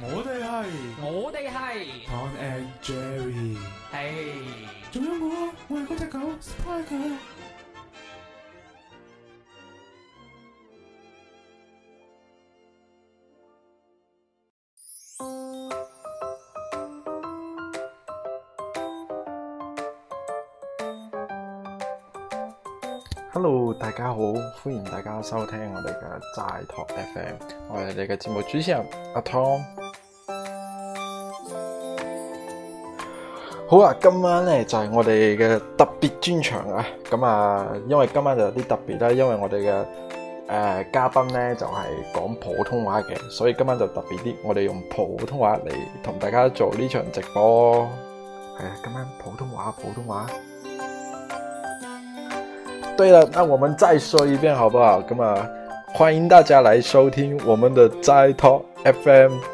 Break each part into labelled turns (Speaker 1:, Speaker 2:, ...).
Speaker 1: 我哋係，我哋係 Tom and Jerry，係，仲有冇，我係嗰隻狗 Spider。
Speaker 2: Hello，大家好，歡迎大家收聽我哋嘅齋託 FM，我係你嘅節目主持人，阿 Tom。好啊，今晚咧就係我哋嘅特別專場啊！咁啊，因為今晚就有啲特別啦，因為我哋嘅誒嘉賓咧就係講普通話嘅，所以今晚就特別啲，我哋用普通話嚟同大家做呢場直播。係啊，今晚普通話，普通話。對啦，那我們再說一遍好不好？咁啊，歡迎大家嚟收聽我們的齋 Talk FM。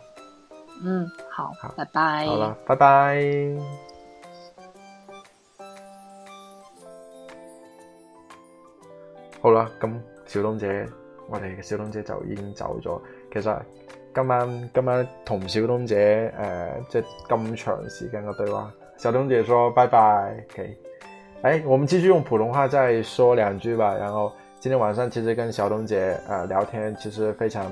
Speaker 2: 嗯，好，拜拜，好，bye bye。好啦，拜拜。好啦，咁小東姐，我哋嘅小東姐就已經走咗。其實今晚今晚同小東姐誒，即係咁長時間嘅對話，小東姐說拜拜、okay。OK，誒，我們繼續用普通話再說兩句吧。然後今天晚上其實跟小東姐啊、呃、聊天，其實非常。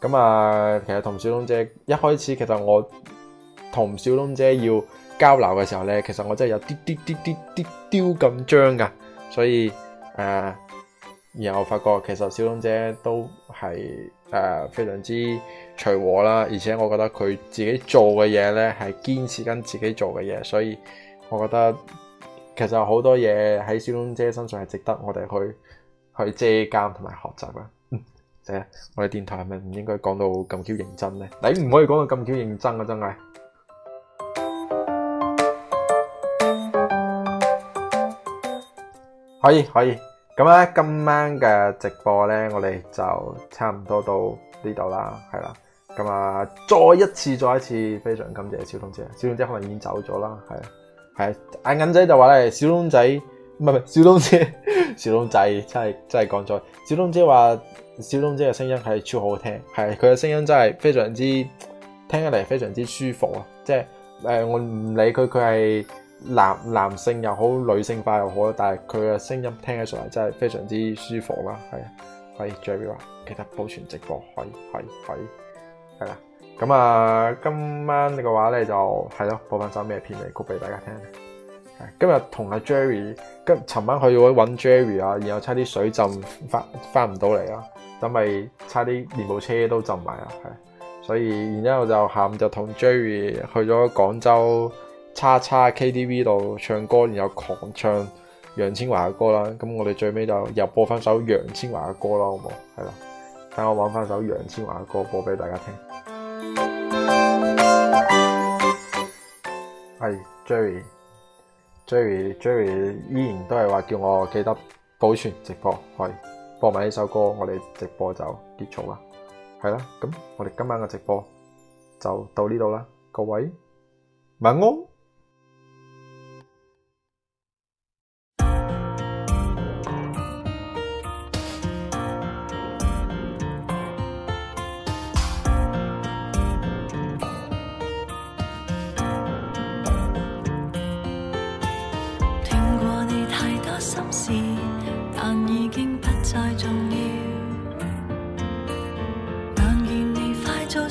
Speaker 2: 咁啊，其實同小東姐一開始，其實我同小東姐要交流嘅時候咧，其實我真係有啲啲啲啲啲啲好緊張噶，所以誒、呃，然後我發覺其實小東姐都係誒、呃、非常之隨和啦，而且我覺得佢自己做嘅嘢咧係堅持緊自己做嘅嘢，所以我覺得其實好多嘢喺小東姐身上係值得我哋去去借鑒同埋學習噶。 我哋電台係咪唔應該講到咁 Q 認真咧？你唔可以講到咁 Q 認真啊！真係可以可以咁咧。咁今晚嘅直播咧，我哋就差唔多到呢度啦，係啦。咁啊，再一次再一次，非常感謝小東姐。小東姐可能已經走咗啦，係啊係啊。阿銀仔就話咧，小東仔唔係係小東姐，小東仔真係真係講咗。小東姐話。小東姐嘅聲音係超好聽，係佢嘅聲音真係非常之聽起嚟，非常之舒服啊！即係誒、呃，我唔理佢，佢係男男性又好，女性化又好，但係佢嘅聲音聽起上嚟真係非常之舒服啦。係，係 Jerry 話，其實保存直播，可以，可以，係啦。咁啊、呃，今晚嘅話咧就係咯，播翻首咩片尾曲俾大家聽。今日同阿 Jerry 跟尋晚去搵 Jerry 啊，然後差啲水浸翻翻唔到嚟啊！咁咪差啲連部車都浸埋啊！係，所以然之後就下午就同 Jerry 去咗廣州叉叉 KTV 度唱歌，然後狂唱楊千嬅嘅歌啦。咁我哋最尾就又播翻首楊千嬅嘅歌啦，好冇？係啦，等我揾翻首楊千嬅嘅歌播俾大家聽。係 Jerry，Jerry，Jerry Jerry 依然都係話叫我記得保存直播，可以。播埋呢首歌，我哋直播就結束喇。係喇，咁我哋今晚嘅直播就到呢度喇。各位，晚安。